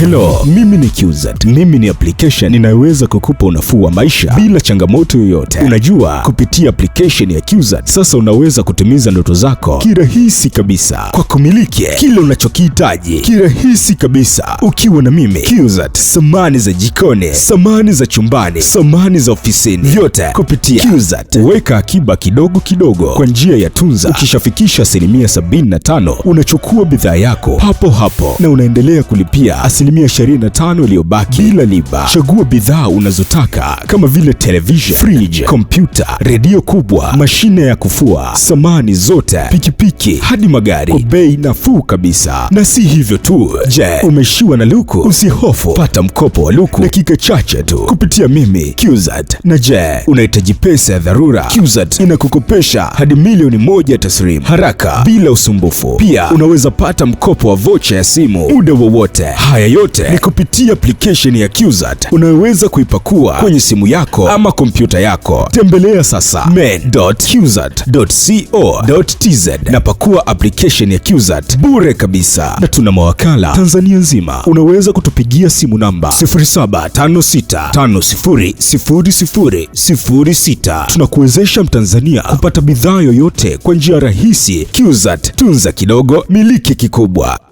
Hello, mimi ni QZ. Mimi ni application inayoweza kukupa unafuu wa maisha bila changamoto yoyote. Unajua, kupitia application ya QZ sasa unaweza kutimiza ndoto zako kirahisi kabisa kwa kumiliki kile unachokihitaji kirahisi kabisa, ukiwa na mimi QZ, Samani za jikoni, samani za chumbani, samani za ofisini, vyote kupitia QZ. Weka akiba kidogo kidogo kwa njia ya tunza. Ukishafikisha asilimia 75 unachukua bidhaa yako hapo hapo na unaendelea kulipia asilimia asilimia 25 iliyobaki bila riba. Chagua bidhaa unazotaka kama vile television, fridge, kompyuta, redio kubwa, mashine ya kufua, samani zote, pikipiki hadi magari kwa bei nafuu kabisa. Na si hivyo tu, je, umeshiwa na luku? Usihofu, pata mkopo wa luku dakika chache tu kupitia mimi Qzat. Na je, unahitaji pesa ya dharura? Qzat inakukopesha hadi milioni moja taslim haraka bila usumbufu. Pia unaweza pata mkopo wa vocha ya simu muda wowote. Haya yoyote ni kupitia application ya Qzat unayoweza kuipakua kwenye simu yako ama kompyuta yako. Tembelea sasa main.qzat.co.tz na pakua application ya Qzat bure kabisa, na tuna mawakala Tanzania nzima. Unaweza kutupigia simu namba 0756500006 tunakuwezesha Mtanzania kupata bidhaa yoyote kwa njia rahisi. Qzat, tunza kidogo, miliki kikubwa.